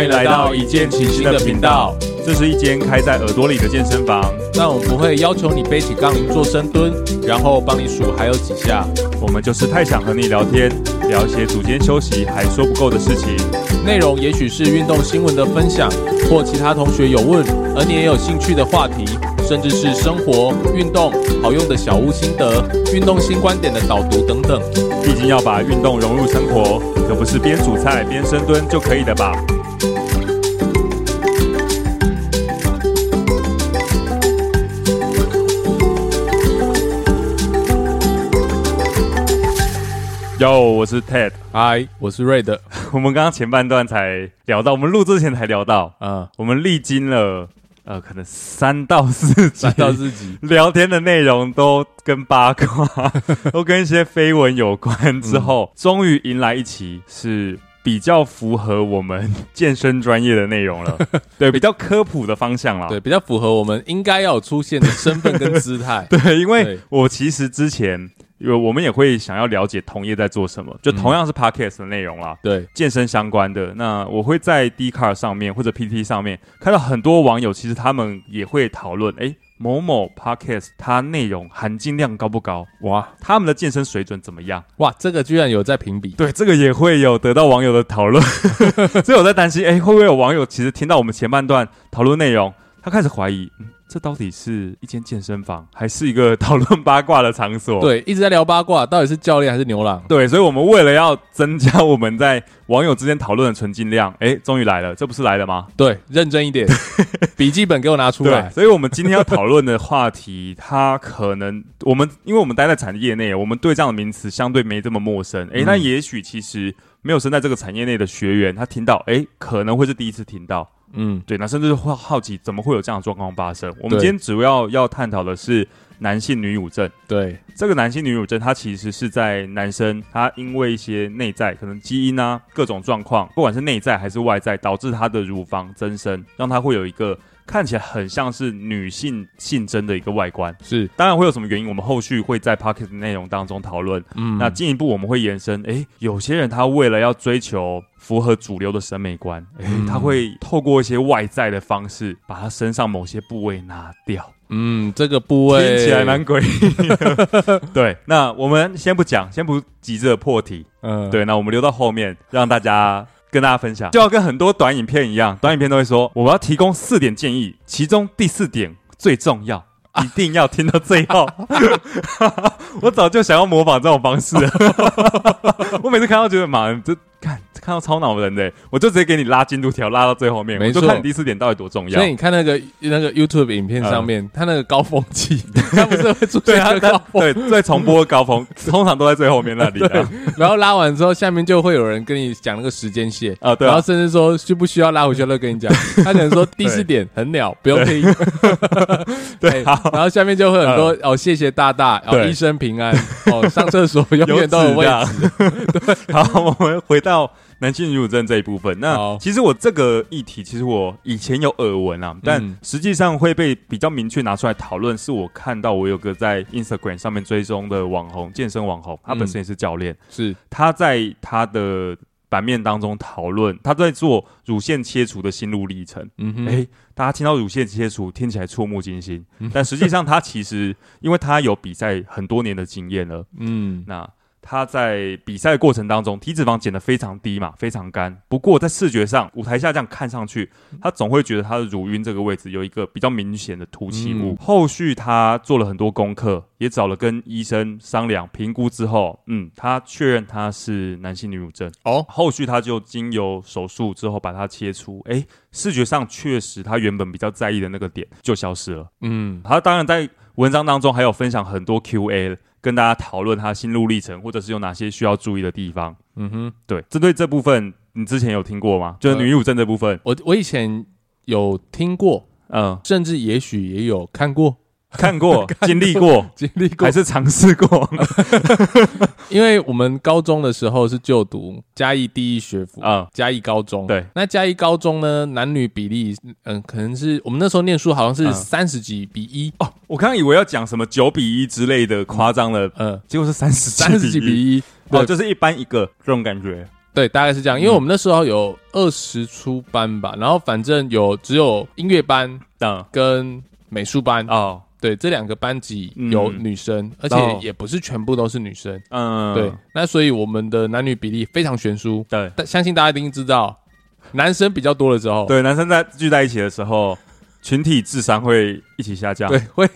歡迎來到一件奇心的頻道，這是一間開在耳朵裡的健身房。但我們不會要求你背起槓鈴做深蹲，然後幫你數還有幾下。我們就是太想和你聊天，聊一些組間休息還說不夠的事情。內容也許是運動新聞的分享，或其他同學有問而你也有興趣的話題，甚至是生活、運動好用的小物心得、運動新觀點的導讀等等。畢竟要把運動融入生活，可不是邊煮菜邊深蹲就可以的吧？Yo，我是 Ted，Hi，我是瑞德。 我們剛剛前半段才聊到，我們錄之前才聊到，啊、嗯，我們歷經了呃，可能三到四集，三到四集聊天的內容都跟八卦， 都跟一些緋聞有關，之後、嗯、終於迎來一期，是比較符合我們健身專業的內容了， 對，比較科普的方向了，對，比較符合我們應該要有出現的身份跟姿態， 對，因為我其實之前。因為我們也會想要了解同業在做什麼，就同樣是 podcast 的內容啦。對，健身相關的，那我會在 Dcard 上面或者 PT 上面看到很多網友，其實他們也會討論，哎，某某 podcast 它內容含金量高不高？哇，他們的健身水準怎麼樣？哇，這個居然有在評比，對，這個也會有得到網友的討論。所以我在擔心，哎，會不會有網友其實聽到我們前半段討論內容，他開始懷疑，嗯。這到底是一間健身房，還是一個討論八卦的場所？對，一直在聊八卦，到底是教練還是牛郎？對，所以，我們為了要增加我們在網友之間討論的純淨量，哎，終於來了，這不是來了嗎？對，認真一點， 筆記本給我拿出來。所以，我們今天要討論的話題， 它可能我們因為我們待在產業內，我們對這樣的名詞相對沒這麼陌生。哎，那也許其實沒有身在這個產業內的學員，他聽到，哎，可能會是第一次聽到。嗯，對，那甚至是會好奇怎麼會有這樣的狀況發生。對我們今天主要要探討的是男性女乳症。對，這個男性女乳症，它其實是在男生他因為一些內在可能基因啊、各種狀況，不管是內在還是外在，導致他的乳房增生，讓他會有一個。看起來很像是女性性徵的一個外觀，是，當然會有什麼原因，我們後續會在 podcast 內容當中討論。嗯，那進一步我們會延伸，誒、欸、有些人他為了要追求符合主流的審美觀、嗯欸，他會透過一些外在的方式，把他身上某些部位拿掉。嗯，這個部位聽起來蠻詭異的。 對，那我們先不講，先不急着破題。嗯，對，那我們留到後面讓大家。跟大家分享，就要跟很多短影片一樣，短影片都會說，我要提供四點建議，其中第四點最重要，啊、一定要聽到最後。啊、 我早就想要模仿這種方式了 我每次看到就覺得，媽，這。看到超惱人的，我就直接給你拉進度條拉到最後面，我就看第四點到底多重要。所以你看那個那個 YouTube 影片上面，它那個高峰期，它不是會出現一個高峰？對，再重播高峰通常都在最後面那裡。然後拉完之後，下面就會有人跟你講那個時間線，然後甚至說需不需要拉回去都跟你講。他可能說第四點很鳥，不用聽。對。好，然後下面就會很多哦，謝謝大大，哦，一生平安，哦，上廁所永遠都有位置。對，好，我們回到。男性女乳症這一部分，那好其實我這個議題，其實我以前有耳聞啊，嗯、但實際上會被比較明確拿出來討論，是我看到我有個在 Instagram 上面追蹤的網紅健身網紅，嗯、他本身也是教練，是他在他的版面當中討論他在做乳腺切除的心路歷程。嗯哎哼、欸，大家聽到乳腺切除聽起來觸目驚心，嗯、哼但實際上他其實 因為他有比賽很多年的經驗了，嗯，那。他在比賽的過程當中，體脂肪減得非常低嘛，非常乾。不過在視覺上，舞台下這樣看上去，他總會覺得他的乳暈這個位置有一個比較明顯的凸起物。嗯、後續他做了很多功課，也找了跟醫生商量評估之後，嗯，他確認他是男性女乳症。哦，後續他就經由手術之後把它切除。哎、欸，視覺上確實他原本比較在意的那個點就消失了。嗯，他當然在文章當中還有分享很多 Q&A。跟大家討論他心路歷程，或者是有哪些需要注意的地方。嗯哼，對，針對這部分，你之前有聽過嗎？就是女乳症這部分，呃、我我以前有聽過，嗯，甚至也許也有看過。看過，經歷過，經歷過，還是嘗試過。 因為我們高中的時候是就讀嘉義第一學府啊，嗯、嘉義高中。對，那嘉義高中呢，男女比例，嗯，可能是我們那時候念書好像是三十幾比一、嗯、哦。我剛剛以為要講什麼九比一之類的誇張了，嗯，嗯結果是三十三十幾比一哦，就是一班一個這種感覺。對，大概是這樣，因為我們那時候有二十出班吧，然後反正有只有音樂班的跟美術班、嗯哦對這兩個班級有女生，而且也不是全部都是女生。嗯，對。那所以我們的男女比例非常懸殊。對，相信大家一定知道，男生比較多的時候，對男生在聚在一起的時候，群體智商會一起下降。對，會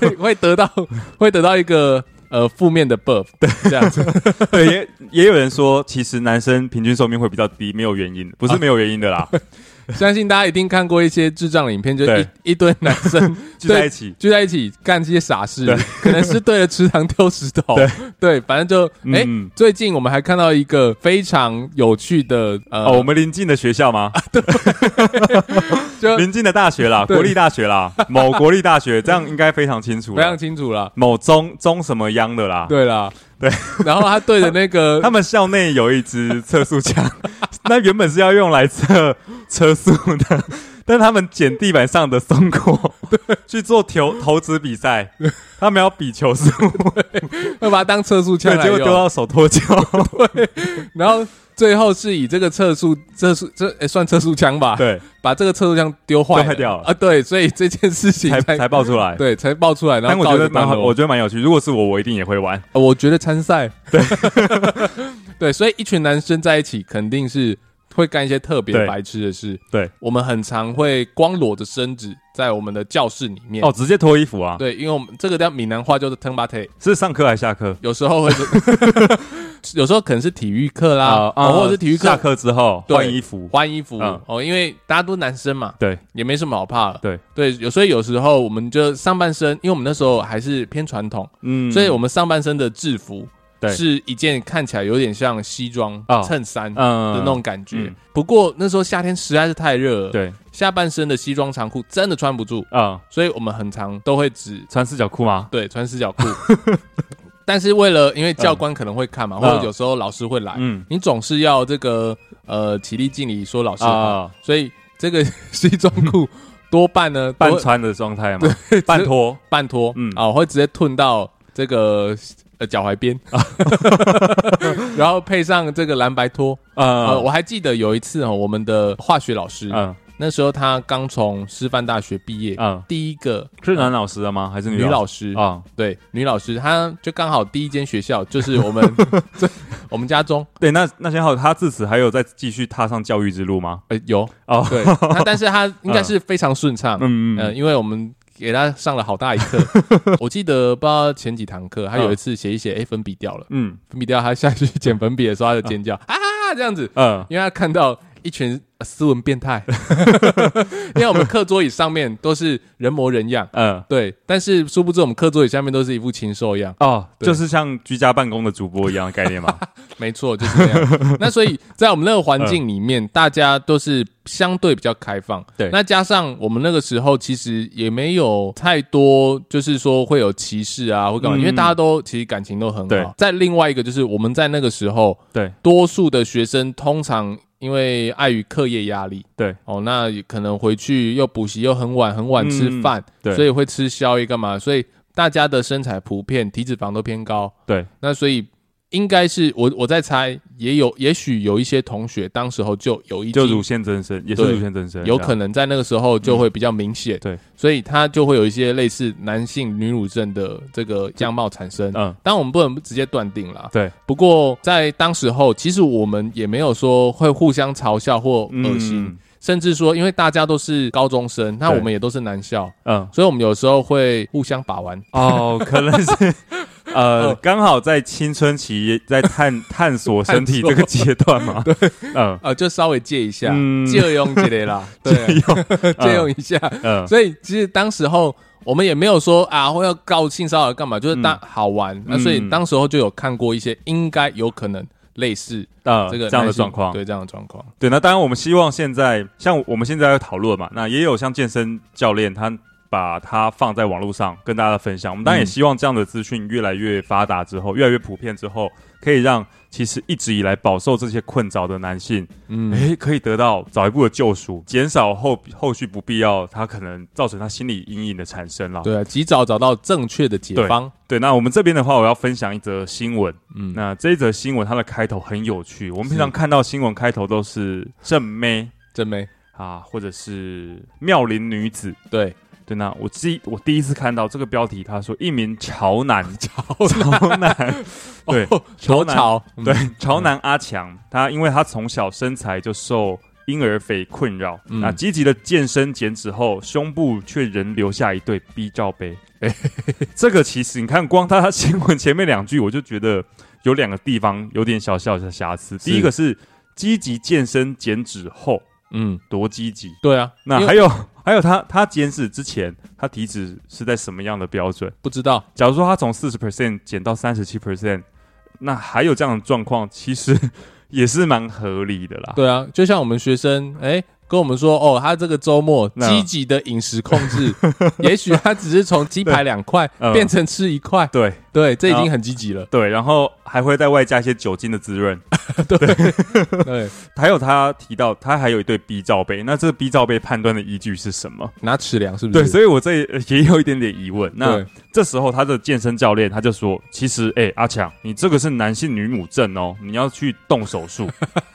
會會得到會得到一個呃負面的 buff 對，這樣子。對，也也有人說，其實男生平均壽命會比較低，沒有原因，不是沒有原因的啦。相信大家一定看過一些智障的影片，就一一堆男生聚在一起，聚在一起幹一些傻事，可能是對着池塘丟石頭。對，反正就哎，最近我們還看到一個非常有趣的呃，哦，我們臨近的學校嗎？對，就臨近的大學啦，國立大學啦，某國立大學，這樣應該非常清楚，非常清楚了，某中中什麼央的啦。對啦，對，然後他對着那個，他們校內有一支測速槍。 那原本是要用來測車速的，但他們撿地板上的松果對去做投投擲比賽，對他們要比球速，對 會把它當測速槍，結果丟到手脫臼， 然後。最後是以這個測速測速這、欸、算測速槍吧？對，把這個測速槍丟壞掉了啊！對，所以這件事情才才，才爆出來，對，才爆出來。然後，但我覺得蠻好，我覺得蠻有趣。如果是我，我一定也會玩。啊、我覺得參賽對 對，所以一群男生在一起肯定是。會幹一些特別白痴的事。對，我們很常會光裸着身子在我們的教室裡面哦，直接脫衣服啊。對，因為我們這個叫閩南話，就是 “turn body”，是上課還是下課？有時候會，有時候可能是體育課啦，啊，或者是體育課下課之後換衣服，換衣服。哦，因為大家都男生嘛，對，也沒什麼好怕的。對，對，有時候有時候我們就上半身，因為我們那時候還是偏傳統，嗯，所以我們上半身的制服。是一件看起來有點像西裝襯衫的那種感覺，不過那時候夏天實在是太熱了，對，下半身的西裝長褲真的穿不住啊，所以我們很常都會只穿四角褲嘛，對，穿四角褲。但是為了因為教官可能會看嘛，或者有時候老師會來，你總是要這個呃起立敬禮說老師啊，所以這個西裝褲多半呢半穿的狀態嘛，半脫半脫，嗯啊我會直接吞到這個。腳踝邊，然後配上這個藍白拖呃，我還記得有一次啊，我們的化學老師，那時候他剛從師範大學畢業，嗯，第一個是男老師的嗎？還是女老師啊？對，女老師，他就剛好第一間學校就是我們，我們家中，對，那那先好，他自此還有再繼續踏上教育之路嗎？呃，有啊，對，但是他應該是非常順暢，嗯嗯，因為我們。給他上了好大一課， 我記得不知道前幾堂課，他有一次寫一寫，哎，粉筆掉了，嗯，粉筆掉，他下去撿粉筆的時候，他就尖叫啊，這樣子，嗯，因為他看到一群。斯文變態，因為我們課桌椅上面都是人模人樣，嗯，對，但是殊不知我們課桌椅下面都是一副禽獸一樣，哦，就是像居家辦公的主播一樣的概念嘛，沒錯，就是這樣。那所以在我們那個環境裡面，大家都是相對比較開放，對。那加上我們那個時候其實也沒有太多，就是說會有歧視啊，或幹嘛，因為大家都其實感情都很好。在另外一個就是我們在那個時候，對，多數的學生通常。因為礙於課業壓力，對，哦，那可能回去又補習又很晚，很晚吃飯，嗯，對，所以會吃宵夜幹嘛，所以大家的身材普遍體脂肪都偏高，對，那所以。應該是我我在猜，也有也許有一些同學當時候就有一就乳腺增生，也是乳腺增生，對有可能在那個時候就會比較明顯，嗯，對，所以他就會有一些類似男性女乳症的這個樣貌產生。嗯，但我們不能直接斷定啦。對，不過在當時候，其實我們也沒有說會互相嘲笑或惡心，嗯，甚至說，因為大家都是高中生，那對我們也都是男校，嗯，所以我們有時候會互相把玩。哦，可能是。 呃，剛好在青春期，在探探索身體這個階段嘛，對，嗯，呃，就稍微借一下，借用借來啦，對，借用借用一下，嗯，所以其實當時候我們也沒有說啊，會要告性騷擾幹嘛，就是當好玩，那所以當時候就有看過一些應該有可能類似呃這個這樣的狀況，對這樣的狀況，對，那當然我們希望現在像我們現在要討論嘛，那也有像健身教練他。把它放在網絡上跟大家分享。我們當然也希望這樣的資訊越來越發達之後，越來越普遍之後，可以讓其實一直以來飽受這些困擾的男性，嗯，可以得到早一步的救贖，減少後後續不必要他可能造成他心理陰影的產生了。對啊，及早找到正確的解方。對。對，那我們這邊的話，我要分享一則新聞。嗯，那這一則新聞它的開頭很有趣。我們平常看到新聞開頭都是正妹，正妹啊，或者是妙齡女子。對。對，那我第我第一次看到這個標題，他說一名潮男，潮潮男，對，潮潮，對，潮男阿強，他因為他從小身材就受嬰兒肥困擾，那積極的健身減脂後，胸部卻仍留下一對 B 罩杯。這個其實你看光他他新聞前面兩句，我就覺得有兩個地方有點小小的瑕疵。第一個是積極健身減脂後，嗯，多積極，對啊，那還有。還有他，他減脂之前，他體脂是在什麼樣的標準？不知道。假如說他從四十 percent 減到三十七 percent，那還有這樣的狀況，其實也是蠻合理的啦。對啊，就像我們學生，哎，跟我們說，哦，他這個周末積極的飲食控制，那也許他只是從雞排兩塊變成吃一塊。嗯，對。對，這已經很積極了。對，然後還會再外加一些酒精的滋潤。 對，對， 對，還有他提到他還有一對 B 罩杯，那這個 B 罩杯判斷的依據是什麼？拿尺量是不是？對，所以我這也，也有一點點疑問。那對這時候他的健身教練他就說：“其實，哎、欸，阿強，你這個是男性女乳症哦，你要去動手術。”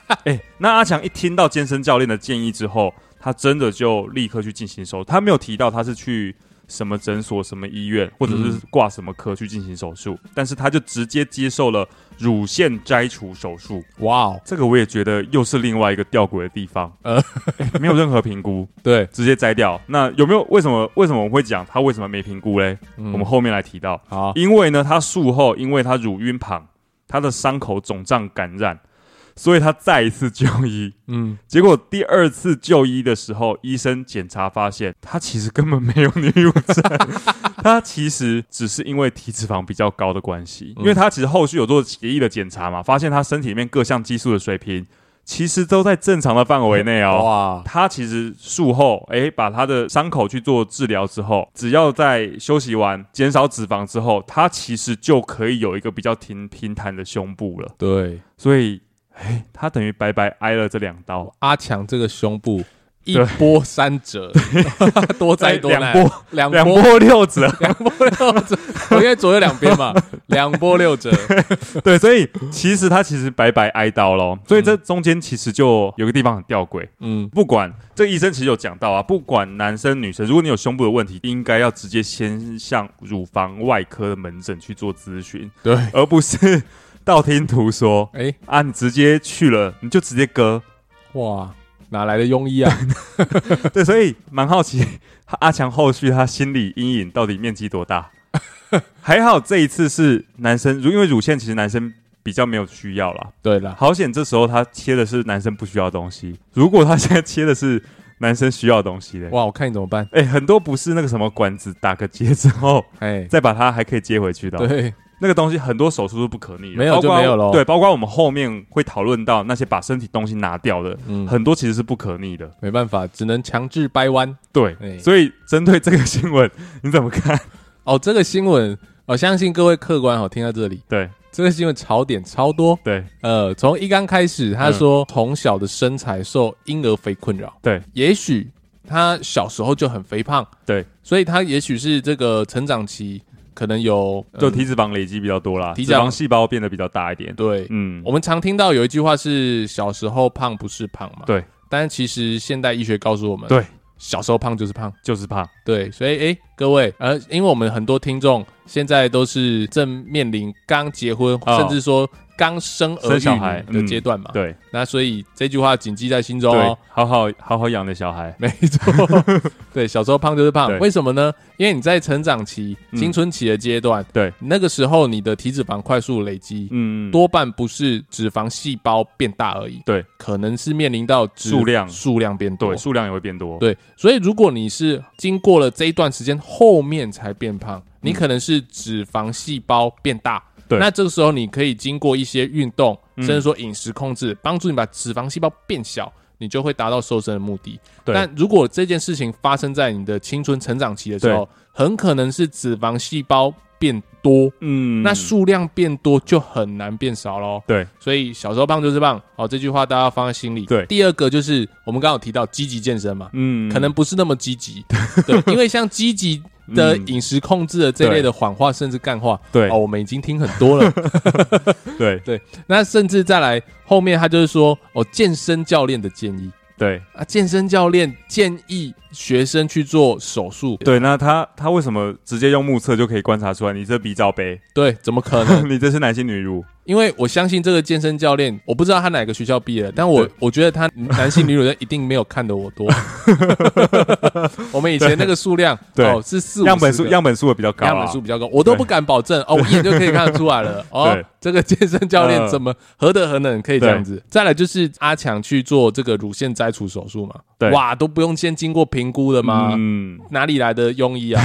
哎、 欸，那阿強一聽到健身教練的建議之後，他真的就立刻去進行手術。他沒有提到他是去，什麼診所、什麼醫院，或者是掛什麼科去進行手術？嗯、但是他就直接接受了乳腺摘除手術。哇 Wow，這個我也覺得又是另外一個吊詭的地方。呃、欸，沒有任何評估， 對，直接摘掉。那有沒有為什麼？為什麼我們會講他為什麼沒評估嘞？嗯、我們後面來提到。啊好。因為呢，他術後因為他乳暈旁他的傷口腫脹感染。所以他再一次就醫，嗯，結果第二次就醫的時候，醫生檢查發現他其實根本沒有女乳症 他其實只是因為體脂肪比較高的關係，嗯、因為他其實後續有做協議的檢查嘛，發現他身體裡面各項激素的水平其實都在正常的範圍內哦。哇，他其實術後哎、欸，把他的傷口去做治療之後，只要在休息完減少脂肪之後，他其實就可以有一個比較平平坦的胸部了。對，所以。欸，他等於白白挨了這兩刀。阿強這個胸部一波三折，多災多難，兩波兩波六折，兩波六折，因為左右兩邊嘛，兩波六折。對，所以其實他其實白白挨刀了。所以這中間其實就有個地方很吊詭。嗯，不管這個醫生其實有講到啊，不管男生女生，如果你有胸部的問題，應該要直接先向乳房外科的門診去做諮詢，對，而不是。道聽途說，哎、欸、啊！你直接去了，你就直接割，哇！哪來的庸醫啊？ 對，所以蠻好奇阿強後續他心理陰影到底面積多大？ 還好這一次是男生，如因為乳腺其實男生比較沒有需要啦。對了啦，好險，這時候他切的是男生不需要的東西。如果他現在切的是男生需要的東西呢？哇！我看你怎麼辦？哎、欸，很多不是那個什麼管子打個結之後，哎、欸，再把它還可以接回去的、哦。對。那個東西很多手術都是不可逆的，沒有就沒有了。對，包括我們後面會討論到那些把身體東西拿掉的，很多其實是不可逆的，沒辦法，只能強制掰彎。對，所以針對這個新聞你怎麼看？哦，這個新聞，我相信各位客官哦，聽到這裡，對這個新聞槽點超多。對，呃，從一剛開始，他說從小的身材受嬰兒肥困擾，對，也許他小時候就很肥胖，對，所以他也許是這個成長期。可能有，嗯、就體脂肪累積比較多啦，體腳脂肪細胞變得比較大一點。對，嗯，我們常聽到有一句話是小時候胖不是胖嘛，對，但其實現代醫學告訴我們，對，小時候胖就是胖，就是胖。對，所以哎，各位，呃，因為我們很多聽眾現在都是正面臨剛結婚，哦、甚至說。剛生兒小孩的階段嘛，對，那所以這句話謹記在心中哦，好好好好養的小孩，沒錯，對，小時候胖就是胖，為什麼呢？因為你在成長期、青春期的階段，對，那個時候你的體脂肪快速累積，嗯，多半不是脂肪細胞變大而已，對，可能是面臨到數量數量變多，對，數量也會變多，對，所以如果你是經過了這一段時間後面才變胖，你可能是脂肪細胞變大。對那這個時候，你可以經過一些運動，甚至說飲食控制，幫、嗯、助你把脂肪細胞變小，你就會達到瘦身的目的。對但如果這件事情發生在你的青春成長期的時候，對很可能是脂肪細胞變多，嗯，那數量變多就很難變少嘍。對，所以小時候胖就是胖，好，這句話大家要放在心裡。對，第二個就是我們剛剛有提到積極健身嘛，嗯，可能不是那麼積極， 對，因為像積極。嗯，的飲食控制的這一類的謊話，甚至幹話，對，哦，我們已經聽很多了。 對 對，那甚至再來後面，他就是說哦，健身教練的建議，對啊，健身教練建議學生去做手術，對，那他他為什麼直接用目測就可以觀察出來？你這 B 罩杯？對，怎麼可能？ 你這是男性女乳。因為我相信這個健身教練，我不知道他哪個學校畢業，但我對 我覺得他男性女乳的一定沒有看得我多。 我們以前那個數量對、哦、是四五十樣本數樣本數比較高、啊，樣本數比較高，我都不敢保證對 哦，我一眼就可以看出來了對 哦。這個健身教練怎麼何德何能可以這樣子？對 再來就是阿強去做這個乳腺摘除手術嘛。哇，都不用先經過評估的嗎？嗯，哪裡來的庸醫啊？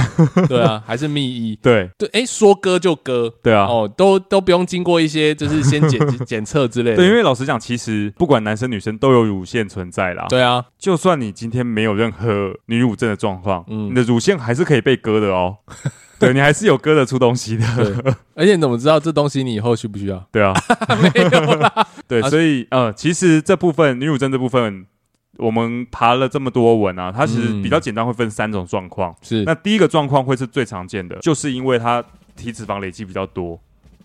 對啊，還是密醫？對對，哎，說割就割，對啊，哦，都都不用經過一些，就是先檢檢測之類的。對，因為老實講，其實不管男生女生都有乳腺存在啦。對啊，就算你今天沒有任何女乳症的狀況，你的乳腺還是可以被割的哦。對，你還是有割得出東西的。而且你怎麼知道這東西你以後需不需要？對啊，沒有啦。對，所以呃，其實這部分女乳腺這部分。我們爬了這麼多文啊，它其實比較簡單，會分三種狀況。嗯、是，那第一個狀況會是最常見的，就是因為它體脂肪累積比較多、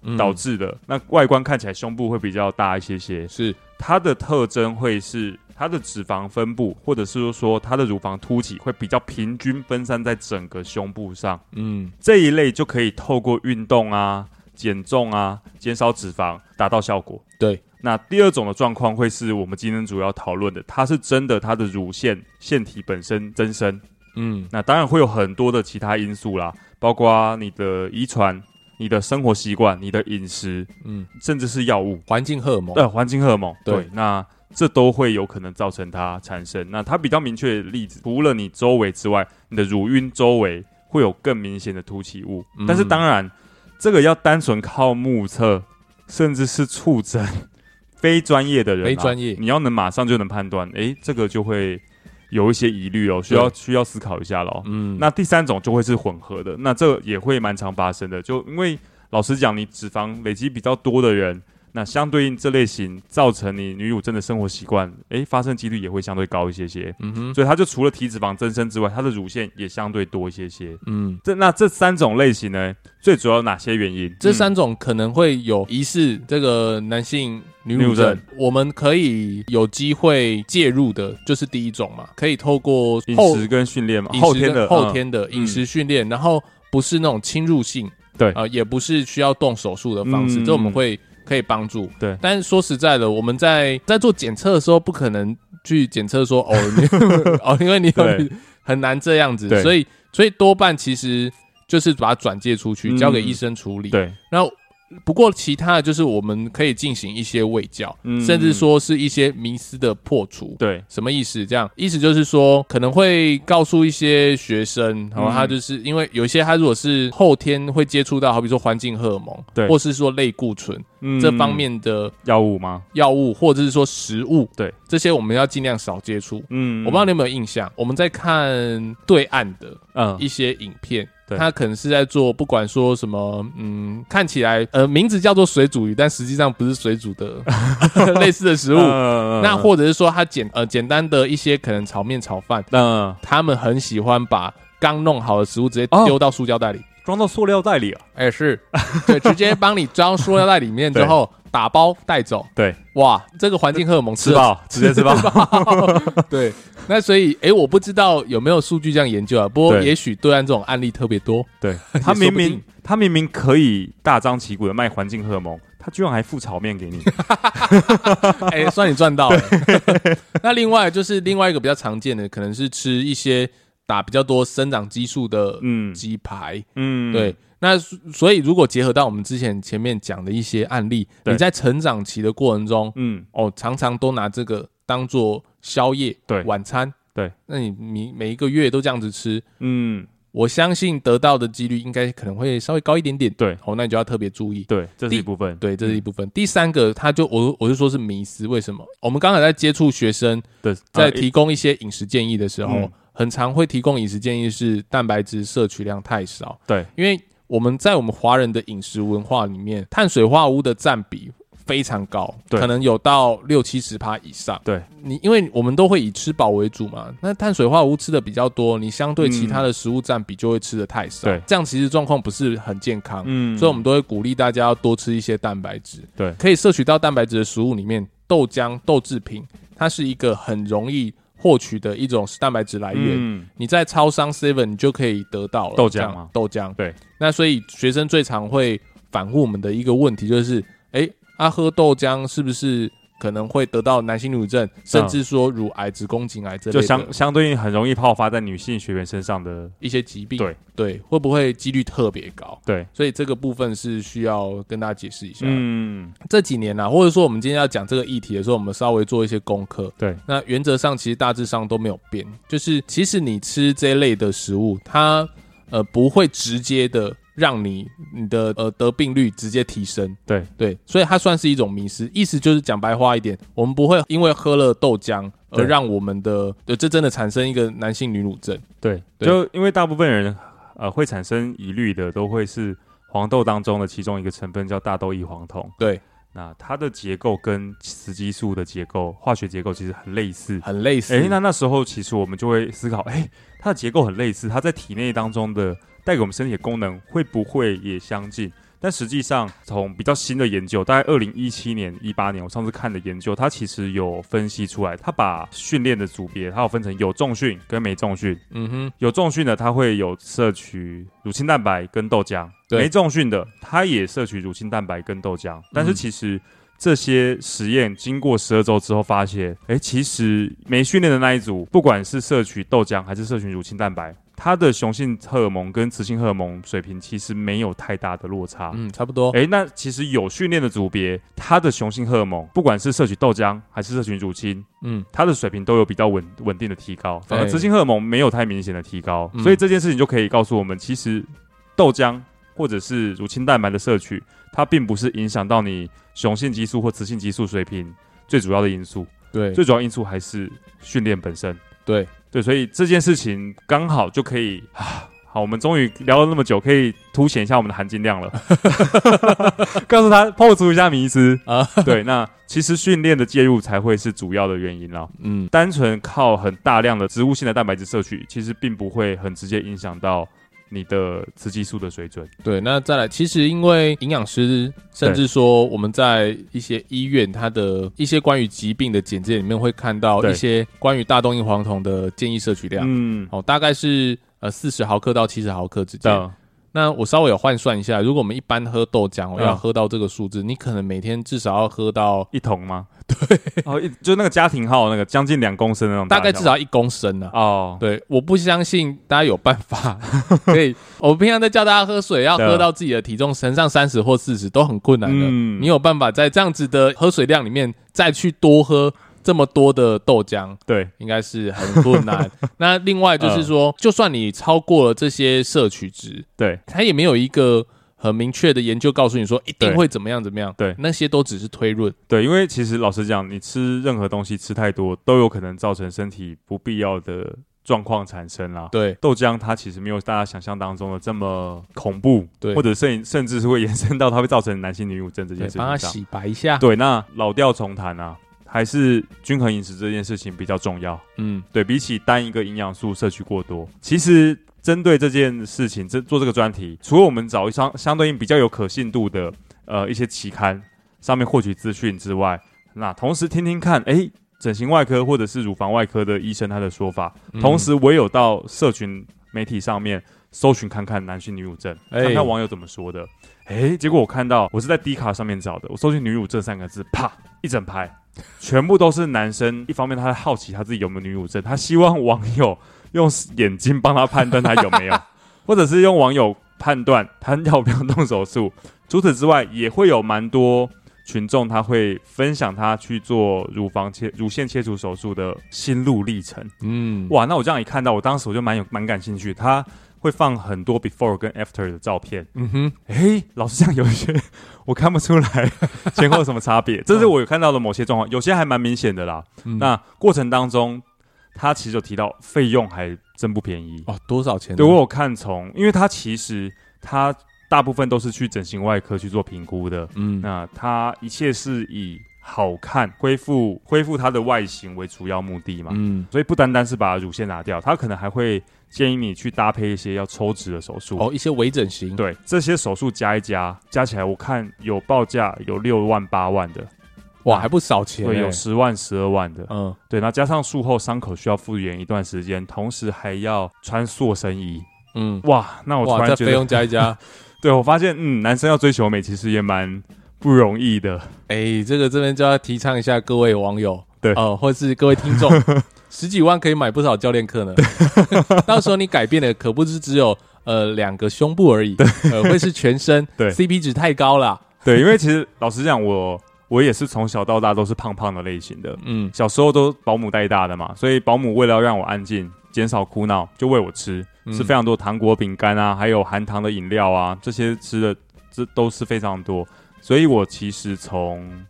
嗯、導致的。那外觀看起來胸部會比較大一些些。是，它的特徵會是它的脂肪分布，或者是說它的乳房凸起會比較平均分散在整個胸部上。嗯，這一類就可以透過運動啊。減重啊，減少脂肪，達到效果。對，那第二種的狀況會是我們今天主要討論的，它是真的，它的乳腺腺體本身增生。嗯，那當然會有很多的其他因素啦，包括你的遺傳、你的生活習慣、你的飲食，嗯，甚至是藥物、環境荷爾蒙。嗯，環境荷爾蒙對，環境荷爾蒙。對，那這都會有可能造成它產生。那它比較明確的例子，除了你周圍之外，你的乳暈周圍會有更明顯的凸起物。嗯。但是當然。這個要單純靠目測，甚至是觸診，非專業的人，非專業，你要能馬上就能判斷，誒，這個就會有一些疑慮哦，需要對需要思考一下嘍、哦。嗯，那第三種就會是混合的，那這也會蠻常發生的，就因為老實講，你脂肪累積比較多的人。那相對應這類型造成你女乳症的生活習慣，哎、欸，發生幾率也會相對高一些些。嗯哼，所以它就除了體脂肪增生之外，它的乳腺也相對多一些些。嗯，這那這三種類型呢，最主要哪些原因？這三種可能會有疑似這個男性女乳症，乳症我們可以有機會介入的，就是第一種嘛，可以透過飲食跟訓練嘛，後天的後天的飲食訓練，嗯、然後不是那種侵入性，對啊、呃，也不是需要動手術的方式，這、嗯、我們會。可以幫助，對。但是說實在的，我們在在做檢測的時候，不可能去檢測說哦, 哦，因為你對很難這樣子，對所以所以多半其實就是把它轉介出去，嗯、交給醫生處理。對，然後。不過，其他的就是我們可以進行一些衛教，嗯、甚至說是一些迷思的破除。對，什麼意思？這樣意思就是說，可能會告訴一些學生，然後、嗯、他就是因為有些他如果是後天會接觸到，好比說環境荷爾蒙，對，或是說類固醇、嗯、這方面的藥物嗎？藥物，或者是說食物，對，這些我們要盡量少接觸。嗯，我不知道你有沒有印象，嗯、我們在看對岸的一些影片。嗯對他可能是在做，不管說什麼，嗯，看起來，呃，名字叫做水煮魚，但實際上不是水煮的， 類似的食物。 嗯，那或者是說，他簡呃簡單的一些可能炒麵、炒飯，嗯，他們很喜歡把剛弄好的食物直接丟到塑膠袋裡。哦裝到塑料袋裡啊，哎、欸、是，對，直接幫你裝塑料袋裡面之 對後打包帶走，對，哇，這個環境荷爾蒙吃到直接吃到，吃飽 對，那所以哎、欸，我不知道有沒有數據這樣研究啊，不過也許對岸這種案例特別多，對，他明明他明明可以大張旗鼓的賣環境荷爾蒙，他居然還附炒麵給你，哎、 欸，算你賺到了。對 那另外就是另外一個比較常見的，可能是吃一些。打比較多生長激素的雞排，嗯，對，那所以如果結合到我們之前前面講的一些案例，你在成長期的過程中，嗯，哦，常常都拿這個當作宵夜，對，晚餐，對，那你每每一個月都這樣子吃，嗯，我相信得到的幾率應該可能會稍微高一點點，對，哦，那你就要特別注意，對，這是一部分，對，這是一部分。第三個，他就我我就說是迷思，為什麼？我們剛才在接觸學生，對，在提供一些飲食建議的時候。很常會提供飲食建議是蛋白質攝取量太少。對，因為我們在我們華人的飲食文化裡面，碳水化物的佔比非常高，對，可能有到六七十趴以上。對，你因為我們都會以吃飽為主嘛，那碳水化物吃的比較多，你相對其他的食物佔比就會吃的太少。對、嗯，這樣其實狀況不是很健康。嗯，所以我們都會鼓勵大家要多吃一些蛋白質。對，可以攝取到蛋白質的食物裡面，豆漿、豆製品，它是一個很容易。獲取的一種蛋白質來源，嗯、你在超商 seven 你就可以得到豆漿嘛。豆漿對，那所以學生最常會反問我們的一個問題就是：誒、欸，阿、啊、喝豆漿是不是，可能會得到男性女乳症，甚至說乳癌、子宮頸癌症，就相相對應很容易爆發在女性學員身上的一些疾病。對對，會不會幾率特別高？對，所以這個部分是需要跟大家解釋一下。嗯，這幾年啊，或者說我們今天要講這個議題的時候，我們稍微做一些功課。對，那原則上其實大致上都沒有變，就是其實你吃這一類的食物，它呃不會直接的。讓你你的呃得病率直接提升，對對，所以它算是一種迷思。意思就是講白話一點，我們不會因為喝了豆漿而讓我們的這對真的產生一個男性女乳症。對，對就因為大部分人呃會產生疑慮的，都會是黃豆當中的其中一個成分叫大豆異黃酮。對，那它的結構跟雌激素的結構化學結構其實很類似，很類似。誒，那那時候其實我們就會思考，誒，它的結構很類似，它在體內當中的。帶給我們身體的功能會不會也相近？但實際上，從比較新的研究，大概二零一七年、一八年，我上次看的研究，它其實有分析出來，它把訓練的組別，它有分成有重訓跟沒重訓。嗯哼，有重訓的，它會有攝取乳清蛋白跟豆漿；對沒重訓的，它也攝取乳清蛋白跟豆漿。嗯、但是其實這些實驗經過十二周之後，發現，誒、欸，其實沒訓練的那一組，不管是攝取豆漿還是攝取乳清蛋白。它的雄性荷爾蒙跟雌性荷爾蒙水平其實沒有太大的落差，嗯，差不多。哎，欸，那其實有訓練的組別，它的雄性荷爾蒙，不管是攝取豆漿還是攝取乳清，嗯，它的水平都有比較穩穩定的提高，而雌性荷爾蒙沒有太明顯的提高。欸，所以這件事情就可以告訴我們，其實豆漿或者是乳清蛋白的攝取，它並不是影響到你雄性激素或雌性激素水平最主要的因素。對，最主要因素還是訓練本身。對。對，所以這件事情剛好就可以啊，好，我們終於聊了那麼久，可以凸顯一下我們的含金量了， 告訴他破除一下迷思啊。 對，那其實訓練的介入才會是主要的原因嘍啊。嗯，單純靠很大量的植物性的蛋白質攝取，其實並不會很直接影響到。你的雌激素的水準，對，那再來，其實因為營養師，甚至說我們在一些醫院，它的一些關於疾病的簡介裡面，會看到一些關於大豆異黃酮的建議攝取量，嗯，哦，大概是呃四十毫克到七十毫克之間。那我稍微有換算一下，如果我們一般喝豆漿，我要喝到這個數字，嗯、你可能每天至少要喝到一桶嗎？對，哦一，就那個家庭號那個將近兩公升那種大，大概至少一公升呢、啊。哦，對，我不相信大家有辦法 可以。我平常在叫大家喝水，要喝到自己的體重乘上三十或四十都很困難的。嗯、你有辦法在這樣子的喝水量裡面再去多喝？這麼多的豆漿，對，應該是很困難。 那另外就是說，呃、就算你超過了這些攝取值，對，它也沒有一個很明確的研究告訴你說一定會怎麼樣怎麼樣。對，那些都只是推論。對，因為其實老實講，你吃任何東西吃太多都有可能造成身體不必要的狀況產生啦、啊。對，豆漿它其實沒有大家想象當中的這麼恐怖，對，或者甚甚至是會延伸到它會造成男性女乳症這件事情上。幫他洗白一下。對，那老調重彈啊。還是均衡飲食這件事情比較重要。嗯，對比起單一個營養素攝取過多，其實針對這件事情，這做這個專題，除了我們找一雙，相對應比較有可信度的呃一些期刊上面獲取資訊之外，那同時聽聽看，哎、欸，整形外科或者是乳房外科的醫生他的說法，嗯、同時我有到社群媒體上面搜尋看看男性女乳症，欸、看看網友怎麼說的。哎、欸，結果我看到我是在 D 卡上面找的，我搜尋“女乳症”這三個字，啪，一整排，全部都是男生。一方面，他在好奇他自己有沒有女乳症，他希望網友用眼睛幫他判斷他有沒有， 或者是用網友判斷他要不要動手術。除此之外，也會有蠻多群眾他會分享他去做乳房切，乳腺切除手術的心路歷程。嗯，哇，那我這樣一看到，我當時我就蠻有蠻感興趣，他。會放很多 before 跟 after 的照片。嗯哼，嘿、欸，老實講有一些我看不出來前後有什麼差別， 這是我有看到的某些狀況，有些還蠻明顯的啦。嗯、那過程當中，他其實有提到費用還真不便宜。哦，多少錢呢？對我看從，因為他其實他大部分都是去整形外科去做評估的。嗯，那他一切是以。好看，恢復恢復它的外形，為主要目的嘛，嗯，所以不單單是把乳腺拿掉，他可能還會建議你去搭配一些要抽脂的手術哦，一些微整形，對，這些手術加一加，加起來我看有報價有六萬八萬的，哇，嗯，還不少錢，欸，對，有十萬十二萬的，嗯，對，那加上術後傷口需要復原一段時間，同時還要穿塑身衣，嗯，哇，那我突然覺得，哇，費用加一加， 對我發現，嗯，男生要追求美其實也蠻不容易的，哎、欸，這個這邊就要提倡一下各位網友，對哦、呃，或者是各位聽眾， 十幾萬可以買不少教練課呢。對 到時候你改變的可不是只有呃兩個胸部而已，對呃，會是全身。對，CP 值太高了。對，因為其實老實講，我我也是從小到大都是胖胖的類型的。嗯，小時候都保姆帶大的嘛，所以保姆為了要讓我安靜，減少哭鬧，就餵我吃吃、嗯、非常多糖果、餅乾啊，還有含糖的飲料啊，這些吃的這都是非常多。所以，我其實從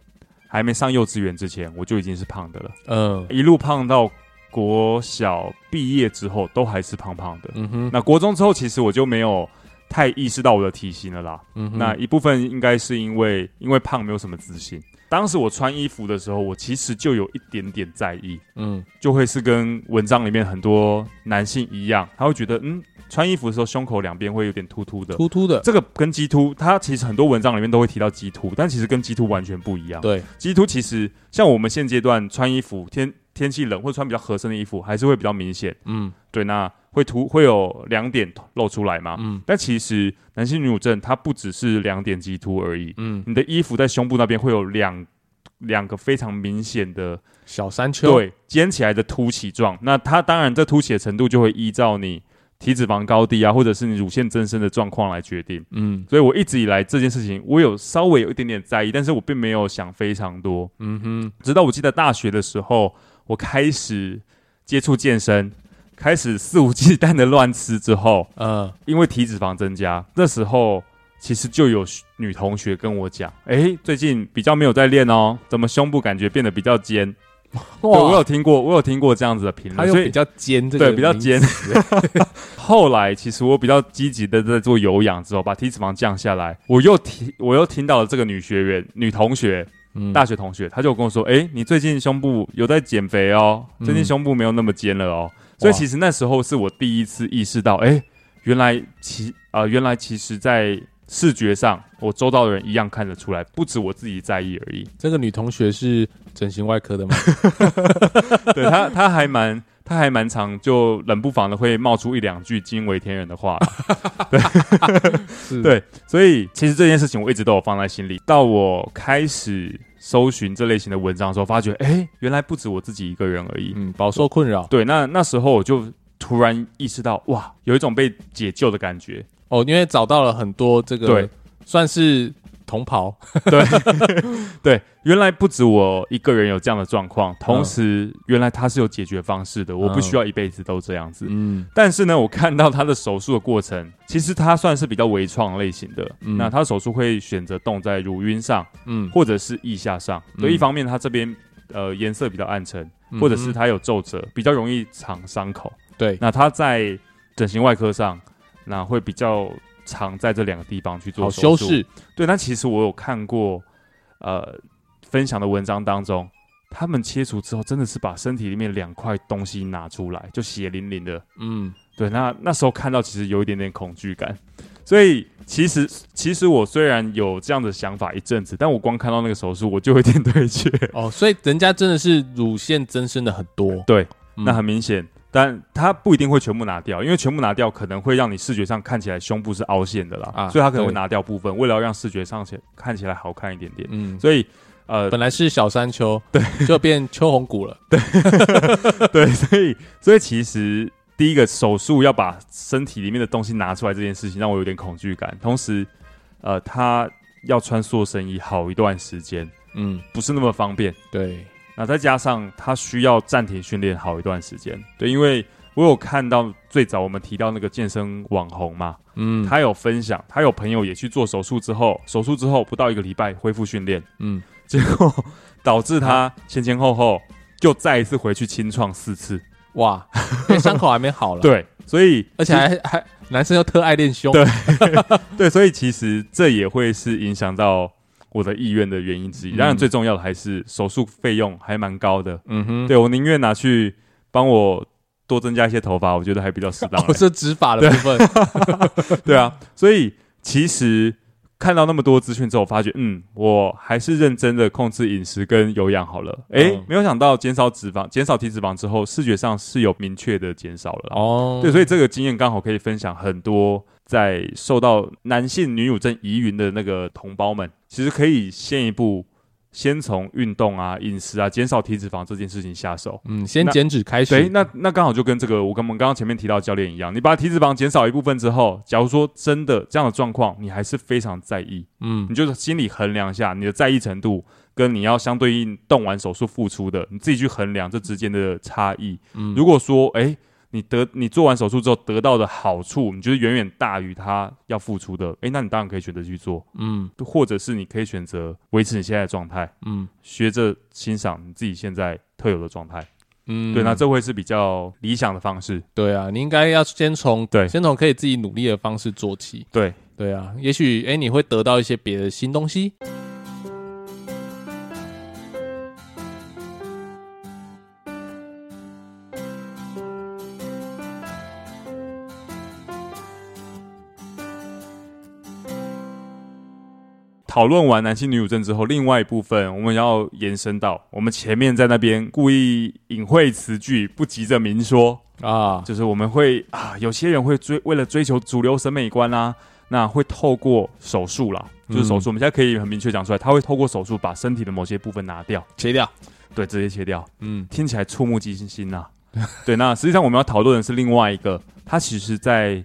還沒上幼稚園之前，我就已經是胖的了。嗯，一路胖到國小畢業之後，都還是胖胖的。嗯哼，那國中之後，其實我就沒有太意識到我的體型了啦。嗯哼，那一部分應該是因為因為胖，沒有什麼自信。當時我穿衣服的時候，我其實就有一點點在意，嗯，就會是跟文章裡面很多男性一樣，他會覺得，嗯，穿衣服的時候胸口兩邊會有點凸凸的，凸凸的。這個跟激凸，它其實很多文章裡面都會提到激凸，但其實跟激凸完全不一樣。對，激凸其實像我們現階段穿衣服，天天氣冷或穿比較合身的衣服，還是會比較明顯。嗯，對，那。會凸，會有兩點露出來嘛？嗯，但其實男性女乳症它不只是兩點激凸而已。嗯，你的衣服在胸部那邊會有兩兩個非常明顯的小山丘，對，尖起來的凸起狀。那它當然這凸起的程度就會依照你體脂肪高低啊，或者是你乳腺增生的狀況來決定。嗯，所以我一直以來這件事情我有稍微有一點點在意，但是我並沒有想非常多。嗯哼，直到我記得大學的時候，我開始接觸健身。開始肆無忌憚的亂吃之後，嗯，因為體脂肪增加，那時候其實就有女同學跟我講，哎、欸，最近比較沒有在練哦、喔，怎麼胸部感覺變得比較尖？哇對，我有聽過，我有聽過這樣子的評論，所以比較尖這，對，比較尖。 後來其實我比較積極的在做有氧之後，把體脂肪降下來，我又聽，我又聽到了這個女學員、女同學、嗯、大學同學，她就跟我說，哎、欸，你最近胸部有在減肥哦、喔，嗯、最近胸部沒有那麼尖了哦、喔。所以其實那時候是我第一次意識到，哎哇、欸，原來其啊、呃，原來其實在視覺上，我周遭的人一樣看得出來，不止我自己在意而已。這個女同學是整形外科的嗎？ 對，她，她還蠻，她還蠻常，就冷不防的會冒出一兩句驚為天人的話。對，所以其實這件事情我一直都有放在心裡，到我開始。搜尋這類型的文章的時候，發覺，哎、欸，原來不止我自己一個人而已，嗯，飽受困擾。對，那那時候我就突然意識到，哇，有一種被解救的感覺哦，因為找到了很多這個，對，算是。同袍 對對，原來不止我一個人有這樣的狀況。同時，原來他是有解決方式的，嗯、我不需要一輩子都這樣子。嗯，但是呢，我看到他的手術的過程，其實他算是比較微創類型的。嗯、那他手術會選擇動在乳暈上，嗯，或者是腋下上。所以、嗯、一方面，他這邊呃顏色比較暗沉，或者是他有皺褶，嗯、哼比較容易藏傷口。對，那他在整形外科上，那會比較。常在這兩個地方去做手術。對，那其實我有看過，呃，分享的文章當中，他們切除之後，真的是把身體裡面兩塊東西拿出來，就血淋淋的。嗯，對，那那時候看到，其實有一點點恐懼感。所以，其實其實我雖然有這樣的想法一陣子，但我光看到那個手術，我就有點退卻。哦，所以人家真的是乳腺增生的很多。對，那很明顯。嗯但他不一定會全部拿掉，因為全部拿掉可能會讓你視覺上看起來胸部是凹陷的啦，啊、所以他可能會拿掉部分，對為了要讓視覺上看起來好看一點點。嗯，所以呃，本來是小山丘，對，就變秋紅谷了。對， 對，所以所以其實第一個手術要把身體裡面的東西拿出來這件事情，讓我有點恐懼感。同時，呃，他要穿塑身衣好一段時間，嗯，不是那麼方便。對。那再加上他需要暫停訓練好一段時間，對，因為我有看到最早我們提到那個健身網紅嘛，嗯，他有分享，他有朋友也去做手術之後，手術之後不到一個禮拜恢復訓練，嗯，結果導致他前前後後就再一次回去清創四次，哇，對、欸，傷口還沒好了， 對，所以而且還還男生又特愛練胸，對， 對，所以其實這也會是影響到。我的意願的原因之一，當然最重要的還是手術費用還蠻高的，嗯哼，對我寧願拿去幫我多增加一些頭髮，我覺得還比較適當。我、哦、是植髮的部分，對， 對啊，所以其實。看到那麼多資訊之後，我發覺嗯，我還是認真的控制飲食跟有氧好了。誒，嗯、沒有想到減少脂肪，減少體脂肪之後，視覺上是有明確的減少了。哦，對，所以這個經驗剛好可以分享很多在受到男性女乳症疑雲的那個同胞們，其實可以先一步，先從運動啊、飲食啊、減少體脂肪這件事情下手。嗯，先減脂開始。對，那那剛好就跟這個，我跟我們剛剛前面提到的教練一樣，你把體脂肪減少一部分之後，假如說真的這樣的狀況，你還是非常在意。嗯，你就心裡衡量一下你的在意程度，跟你要相對應動完手術付出的，你自己去衡量這之間的差異。嗯，如果說，哎、欸。你得你做完手術之後得到的好處，你覺得遠遠大於他要付出的，哎，那你當然可以選擇去做，嗯，或者是你可以選擇維持你現在的狀態，嗯，學着欣賞你自己現在特有的狀態，嗯，對，那這會是比較理想的方式，對啊，你應該要先從對，先從可以自己努力的方式做起，對對啊，也許哎，你會得到一些別的新東西。討論完男性、女乳症之後，另外一部分我們要延伸到我們前面在那邊故意隱晦詞句，不急着明說啊，就是我們會啊，有些人會追為了追求主流審美觀啦、啊，那會透過手術了，嗯、就是手術。我們現在可以很明確講出來，他會透過手術把身體的某些部分拿掉、切掉，對，直接切掉。嗯，聽起來觸目驚心吶、啊。 對，那實際上我們要討論的是另外一個，他其實，在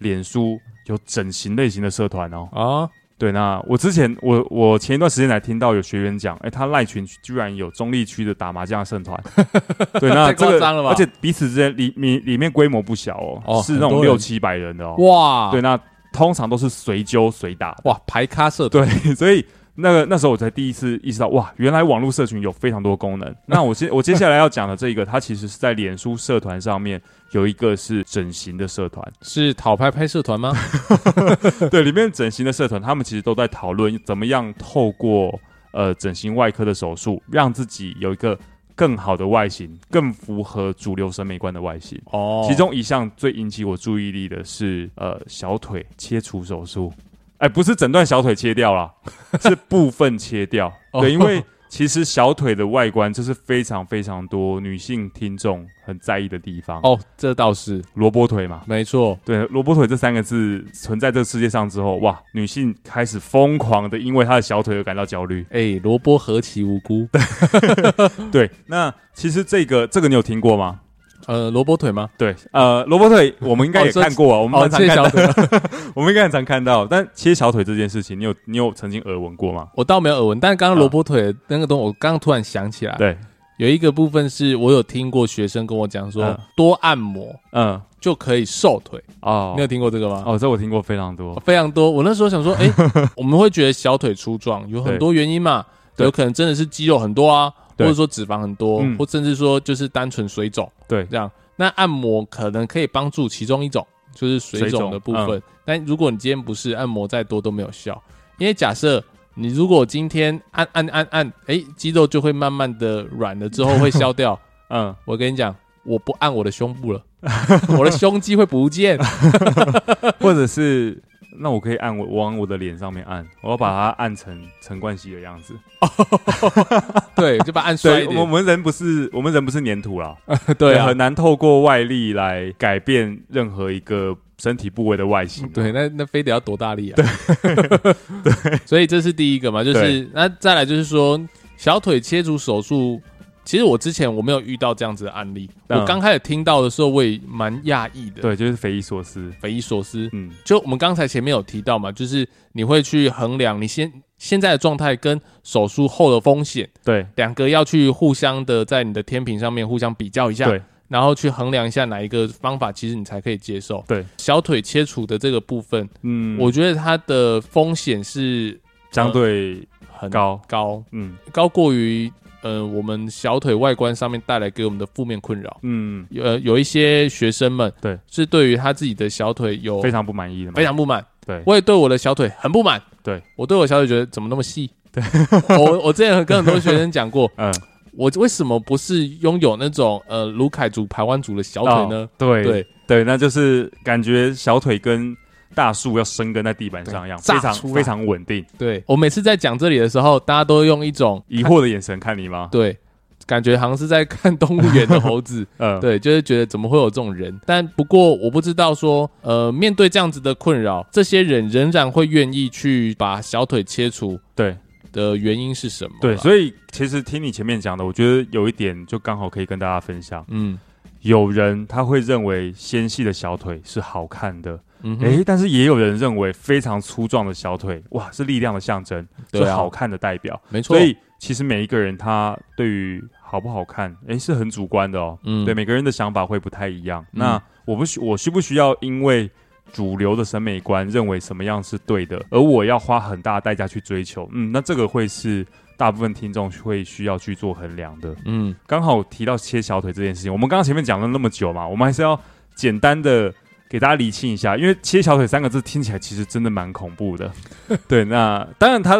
臉書有整形類型的社團哦啊。對，那我之前我我前一段時間還聽到有學員講，哎、欸，他賴群居然有中壢區的打麻將社團， 對，那這個，太誇張了吧。而且彼此之間裡裡裡面規模不小哦，哦是那種六七百人的哦，哇，對，那通常都是隨揪隨打，哇，排咖社團，對，所以。那個那時候我才第一次意識到哇，原來網絡社群有非常多功能。那我接我接下來要講的這一個， 它其實是在臉書社團上面有一個是整形的社團，是討拍拍社團嗎？ 對，裡面整形的社團，他們其實都在討論怎麼樣透過呃整形外科的手術，讓自己有一個更好的外形，更符合主流審美觀的外形。哦，oh. 其中一項最引起我注意力的是呃小腿切除手術。哎，不是整段小腿切掉啦，是部分切掉。 對，因為其實小腿的外觀就是非常非常多女性聽眾很在意的地方。哦，這倒是蘿蔔腿嘛，沒錯。對，蘿蔔腿這三個字存在這個世界上之後，哇，女性開始瘋狂的因為她的小腿而感到焦慮。哎、欸，蘿蔔何其無辜。對， 對，那其實這個這個你有聽過嗎？呃，蘿蔔腿嗎？對，呃，蘿蔔腿我們應該也看過啊，哦、我們很常看到，哦啊、 我們應該很常看到。但切小腿這件事情，你有你有曾經耳聞過嗎？我倒沒有耳聞，但是剛剛蘿蔔腿那個東西，我剛剛突然想起來，對，有一個部分是我有聽過學生跟我講說，嗯、多按摩，嗯，就可以瘦腿哦，嗯、你有聽過這個嗎？哦，這我聽過非常多，非常多。我那時候想說，誒、欸， 我們會覺得小腿粗壯，有很多原因嘛，對有可能真的是肌肉很多啊。對或者說脂肪很多，嗯、或甚至說就是單純水腫，對，這樣。那按摩可能可以幫助其中一種，就是水腫的部分。嗯、但如果你今天不是，按摩再多都沒有效，因為假設你如果今天按按按按，哎、欸，肌肉就會慢慢的軟了之後會消掉。 嗯，我跟你講，我不按我的胸部了， 我的胸肌會不見， 或者是。那我可以按我往我的臉上面按，我要把它按成陳冠希的樣子。哦、 對，就把按摔一點。對，我們人不是我們人不是粘土啦。 對、啊、對，很難透過外力來改變任何一個身體部位的外形。對，那那非得要多大力啊？對， 對 所以這是第一個嘛，就是對 那再來就是說小腿切除手術。其實我之前我沒有遇到這樣子的案例，但我剛開始聽到的時候我也蠻訝異的，對，就是匪夷所思，匪夷所思。嗯，就我們剛才前面有提到嘛，就是你會去衡量你先現在的狀態跟手術後的風險，對，兩個要去互相的在你的天平上面互相比較一下，對，然後去衡量一下哪一個方法其實你才可以接受。對，小腿切除的這個部分，嗯，我覺得它的風險是相對、呃、很高高，嗯，高過於。嗯，我們小腿外觀上面帶來給我們的負面困擾，嗯，呃，有一些學生們，對是對於他自己的小腿有非常不滿意的，非常不滿。對，我也對我的小腿很不滿。對，我對我小腿覺得怎麼那麼細？對，我我之前跟很多學生講過，嗯，我為什麼不是擁有那種呃魯凱族、排灣族的小腿呢？對對對，那就是感覺小腿跟。大樹要生根在地板上一樣，非常非常穩定。對，我每次在講這裡的時候，大家都用一種疑惑的眼神看你嗎？對，感覺好像是在看動物園的猴子。 嗯，對，就是覺得怎麼會有這種人？但不過我不知道說，呃，面對這樣子的困擾，這些人仍然會願意去把小腿切除，對的原因是什麼對？對，所以其實聽你前面講的，我覺得有一點就剛好可以跟大家分享。嗯，有人他會認為纖細的小腿是好看的。誒、嗯欸，但是也有人認為非常粗壯的小腿，哇，是力量的象徵，是好看的代表。啊、沒錯，所以其實每一個人他對於好不好看，誒、欸，是很主觀的哦。嗯，對，每個人的想法會不太一樣。嗯、那我不需，我需不需要因為主流的審美觀認為什麼樣是對的，而我要花很大的代價去追求？嗯，那這個會是大部分聽眾會需要去做衡量的。嗯，剛好提到切小腿這件事情，我們剛剛前面講了那麼久嘛，我們還是要簡單的。給大家理清一下，因為切小腿三個字聽起來其實真的蠻恐怖的。 對，那當然他，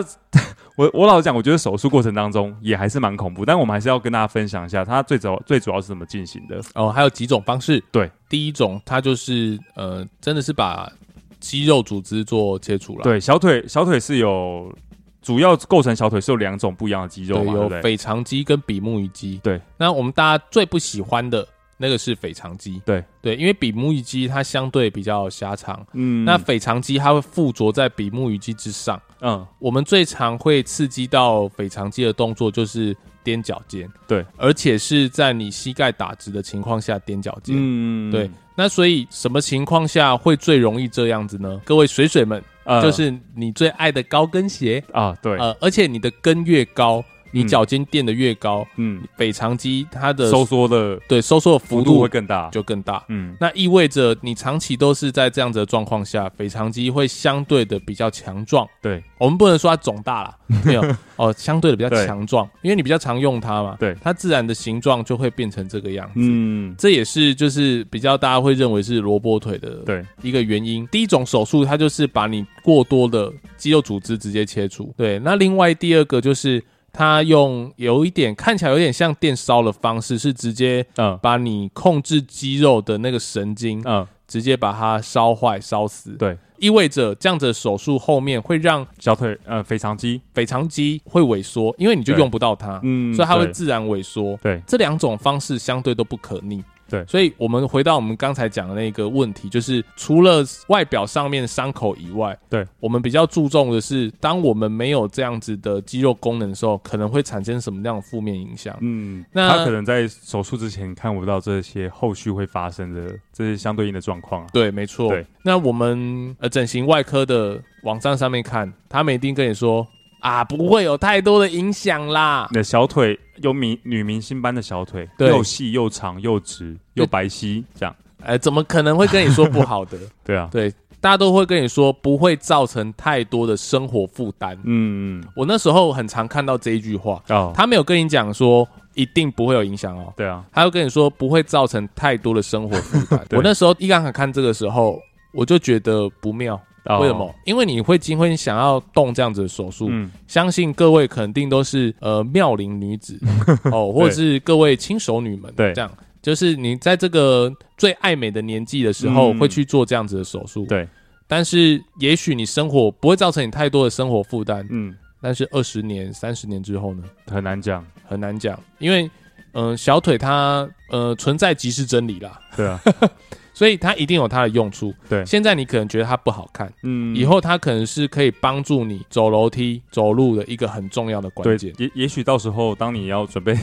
我我老實講，我覺得手術過程當中也還是蠻恐怖，但我們還是要跟大家分享一下它最主最主要是怎麼進行的。哦，還有幾種方式，對，第一種它就是呃，真的是把肌肉組織做切除了。對，小腿小腿是有主要構成小腿是有兩種不一樣的肌肉嘛，對，有腓腸肌跟比目魚肌。對，那我們大家最不喜歡的，那個是腓腸肌，對對，因為比目魚肌它相對比較狹長，嗯，那腓腸肌它會附着在比目魚肌之上，嗯，我們最常會刺激到腓腸肌的動作就是踮腳尖，對，而且是在你膝蓋打直的情況下踮腳尖，嗯，對，那所以什麼情況下會最容易這樣子呢？各位水水們，呃、就是你最愛的高跟鞋啊，對、呃，而且你的跟越高。你腳尖墊得越高，嗯，腓腸肌它的收縮的對收縮的幅度會更大，就更大，嗯，那意味着你長期都是在這樣子的狀況下，腓腸肌會相對的比較強壯，對，我們不能說它腫大啦，沒有哦，相對的比較強壯，因為你比較常用它嘛，對，它自然的形狀就會變成這個樣子，嗯，這也是就是比較大家會認為是蘿蔔腿的對一個原因。第一種手術，它就是把你過多的肌肉組織直接切除，對，那另外第二個就是。他用有一點看起來有點像電燒的方式，是直接嗯把你控制肌肉的那個神經嗯，嗯直接把它燒壞燒死，對，意味着這樣子的手術後面會讓小腿呃腓腸肌腓腸肌會萎縮，因為你就用不到它，嗯，對，所以它會自然萎縮，嗯。對，這兩種方式相對都不可逆。對，所以我們回到我們剛才講的那個問題，就是除了外表上面傷口以外，對我們比較注重的是，當我們沒有這樣子的肌肉功能的時候，可能會產生什麼樣的負面影響？嗯，那他可能在手術之前看不到這些後續會發生的這些相對應的狀況啊。對，沒錯。對，那我們呃整形外科的網站上面看，他們一定跟你說。啊，不會有太多的影響啦。那小腿有明女明星般的小腿，對又細又長又直又白皙，對這樣，哎、呃，怎麼可能會跟你說不好的？ 對啊，對，大家都會跟你說不會造成太多的生活負擔。嗯嗯，我那時候很常看到這一句話，哦、他沒有跟你講說一定不會有影響哦、喔。對啊，他會跟你說不會造成太多的生活負擔。 對我那時候一剛開始看這個時候，我就覺得不妙。為什麼？Oh, 因為你會結婚，想要動這樣子的手術，嗯、相信各位肯定都是呃妙齡女子 哦，或者是各位輕熟女們，對這樣，就是你在這個最愛美的年紀的時候會去做這樣子的手術，對、嗯。但是也許你生活不會造成你太多的生活負擔，嗯。但是二十年、三十年之後呢？很難講，很難講，因為。嗯，小腿它呃存在即是真理啦，對啊， 所以它一定有它的用處。對，現在你可能覺得它不好看，嗯，以後它可能是可以幫助你走樓梯、走路的一個很重要的關鍵。也也許到時候當你要準備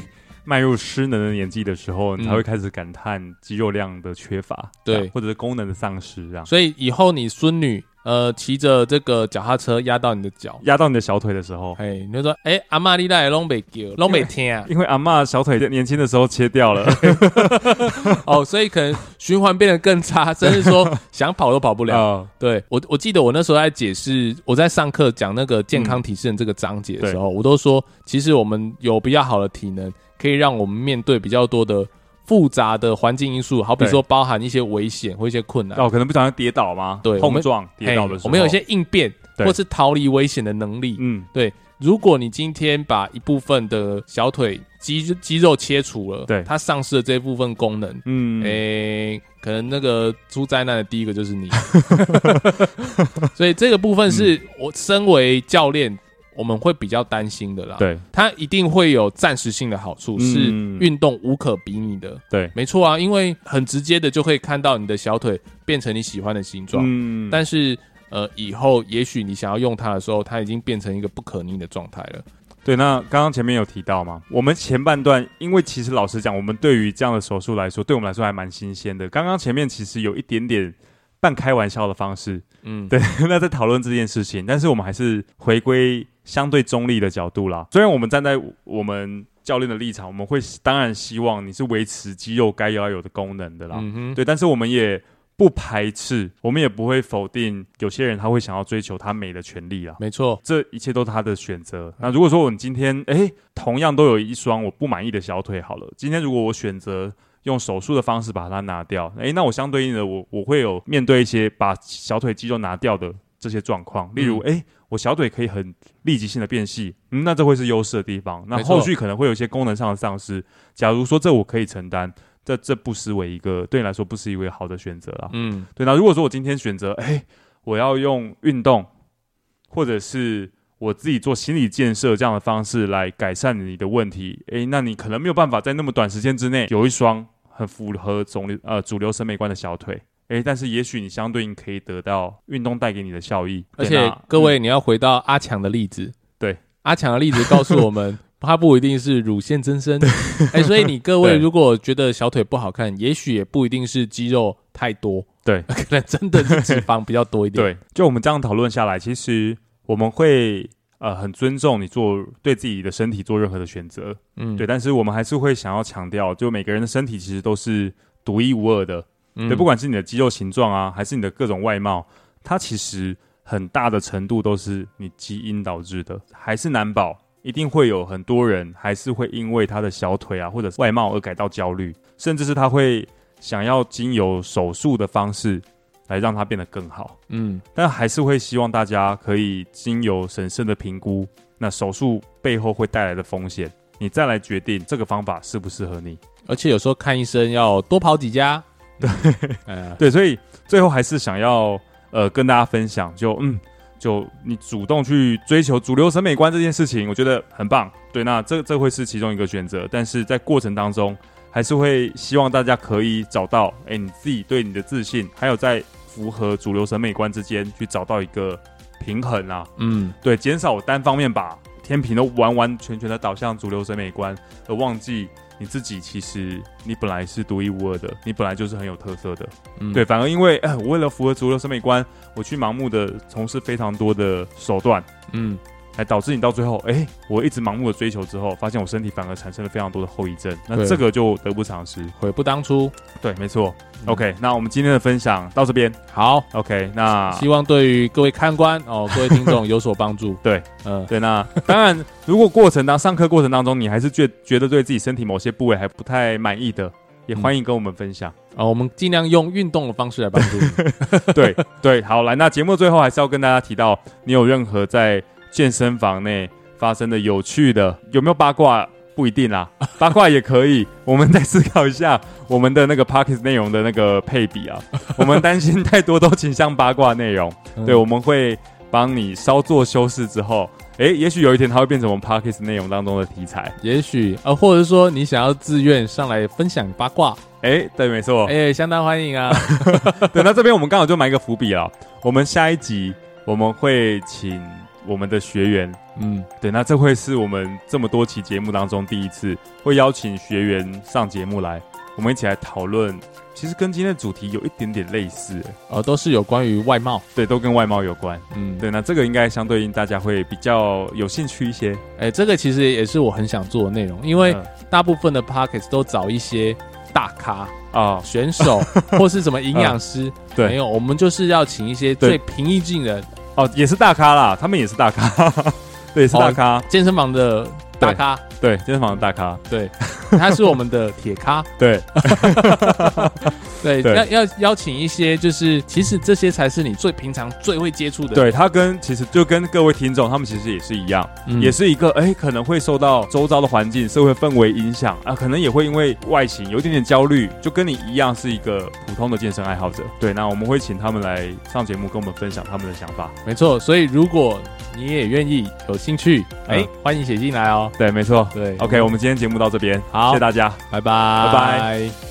邁 入失能的年紀的時候，你才會開始感嘆肌肉量的缺乏，嗯、這樣，對，或者是功能的喪失這樣。所以以後你孫女。呃，騎着這個腳踏車壓到你的腳，壓到你的小腿的時候，嘿，你就說，哎、欸，阿媽你怎麼都不叫，都不聽啊？因為阿媽小腿在年輕的時候切掉了， 哦，所以可能循環變得更差，甚至說想跑都跑不了。 對我，我記得我那時候在解釋，我在上課講那個健康體質這個章節的時候，嗯、我都說，其實我們有比較好的體能，可以讓我們面對比較多的。複雜的環境因素，好比說包含一些危險或一些困難，哦，可能不想要跌倒嗎？對，碰撞跌倒的時候我、欸，我們有一些應變對或是逃離危險的能力。嗯，對，如果你今天把一部分的小腿肌肌肉切除了，對，它喪失了這一部分功能，嗯，誒、欸，可能那個出災難的第一個就是你。 所以這個部分是、嗯、我身為教練。我們會比較擔心的啦，對，它一定會有暫時性的好處，嗯、是運動無可比擬的，對，沒錯啊，因為很直接的就可以看到你的小腿變成你喜歡的形狀，嗯，但是呃，以後也許你想要用它的時候，它已經變成一個不可逆的狀態了，對，那剛剛前面有提到嗎？我們前半段，因為其實老實講，我們對於這樣的手術來說，對我們來說還蠻新鮮的，剛剛前面其實有一點點半開玩笑的方式，嗯，對，那在討論這件事情，但是我們還是回歸，相對中立的角度啦，雖然我們站在我們教練的立場，我們會當然希望你是維持肌肉該要有的功能的啦，嗯哼，對，但是我們也不排斥，我們也不會否定有些人他會想要追求他美的權利啦。沒錯，這一切都是他的選擇。那如果說我們今天，誒同樣都有一雙我不滿意的小腿，好了，今天如果我選擇用手術的方式把它拿掉，誒，那我相對應的，我我會有面對一些把小腿肌肉拿掉的。這些狀況，例如，哎、嗯、欸，我小腿可以很立即性的變細，嗯，那這會是優勢的地方。那後續可能會有一些功能上的喪失。沒錯 假如說這我可以承擔，這這不失為一個對你來說不失為一個好的選擇了。嗯，對。那如果說我今天選擇，哎、欸，我要用運動，或者是我自己做心理建設這樣的方式來改善你的問題，哎、欸，那你可能沒有辦法在那麼短時間之內有一雙很符合總、呃、主流呃，主流審美觀的小腿。哎，但是也許你相對應可以得到運動帶給你的效益。而且那各位，你要回到阿強的例子，嗯、對，阿強的例子告訴我們， 他不一定是乳腺增生。哎對，所以你各位如果覺得小腿不好看，對也許也不一定是肌肉太多，對，可能真的脂肪比較多一點。對，就我們這樣討論下來，其實我們會呃很尊重你做對自己的身體做任何的選擇，嗯，對。但是我們還是會想要強調，就每個人的身體其實都是獨一無二的。對，不管是你的肌肉形狀啊，還是你的各種外貌，它其實很大的程度都是你基因導致的。還是難保一定會有很多人還是會因為他的小腿啊，或者是外貌而感到焦慮，甚至是他會想要經由手術的方式來讓他變得更好。嗯，但還是會希望大家可以經由審慎的評估，那手術背後會帶來的風險，你再來決定這個方法適不適合你。而且有時候看醫生要多跑幾家。對，所以最後還是想要呃跟大家分享，就嗯，就你主動去追求主流審美觀這件事情，我覺得很棒。對，那這這會是其中一個選擇，但是在過程當中，還是會希望大家可以找到，哎，你自己對你的自信，還有在符合主流審美觀之間去找到一個平衡啊。嗯，對，減少單方面把天平都完完全全的導向主流審美觀，而忘記。你自己其實你本來是獨一無二的，你本來就是很有特色的，嗯、對。反而因為、呃、我為了符合主流審美觀，我去盲目的從事非常多的手段，嗯。導致你到最後，哎、欸，我一直盲目的追求之後，發現我身體反而產生了非常多的後遺症，對那這個就得不償失，悔不當初。對，沒錯。嗯、OK，那我們今天的分享到這邊。好，OK，那希望對於各位看官哦，各位聽眾有所幫助。 對，嗯，對，那當然，如果過程當上課過程當中，你還是覺覺得對自己身體某些部位還不太滿意的，也歡迎跟我們分享啊、嗯哦，我們盡量用運動的方式來幫助你。 對對，好，來，那節目最後還是要跟大家提到，你有任何在。健身房內發生的有趣的有沒有八卦不一定啊。八卦也可以。我們再思考一下我們的那個 podcast 內容的那個配比啊，我們擔心太多都傾向八卦內容。對，我們會幫你稍作修飾之後、欸，也許有一天它會變成我們 podcast 內容當中的題材。也許啊，或者是說你想要自願上來分享八卦、欸，對，沒錯，哎，相當歡迎啊。等到這邊我們剛好就埋一個伏筆了，我們下一集我們會請。我們的學員，嗯，對，那這會是我們這麼多期節目當中第一次會邀請學員上節目來，我們一起來討論，其實跟今天的主題有一點點類似，呃、哦，都是有關於外貌，對，都跟外貌有關，嗯，對，那這個應該相對應大家會比較有興趣一些，哎、欸，這個其實也是我很想做的內容，因為大部分的 podcast 都找一些大咖啊，嗯、選手或是什麼營養師，嗯，對，沒有，我們就是要請一些最平易近人。哦，也是大咖啦，他們也是大咖， 對，是大咖，哦，健身房的大咖，對，對，健身房的大咖，對，他是我們的鐵咖， 對。 對，對，要要邀請一些，就是其實這些才是你最平常最會接觸的。對，他跟，其實就跟各位聽眾，他們其實也是一樣，嗯，也是一個哎，可能會受到周遭的環境、社會氛圍影響啊，可能也會因為外形有一點點焦慮，就跟你一樣是一個普通的健身愛好者。對，那我們會請他們來上節目，跟我們分享他們的想法。沒錯，所以如果你也願意有興趣，呃，哎，誒，歡迎寫進來哦。對，沒錯，對。OK，嗯，我們今天節目到這邊，好，謝謝大家，拜拜，拜拜。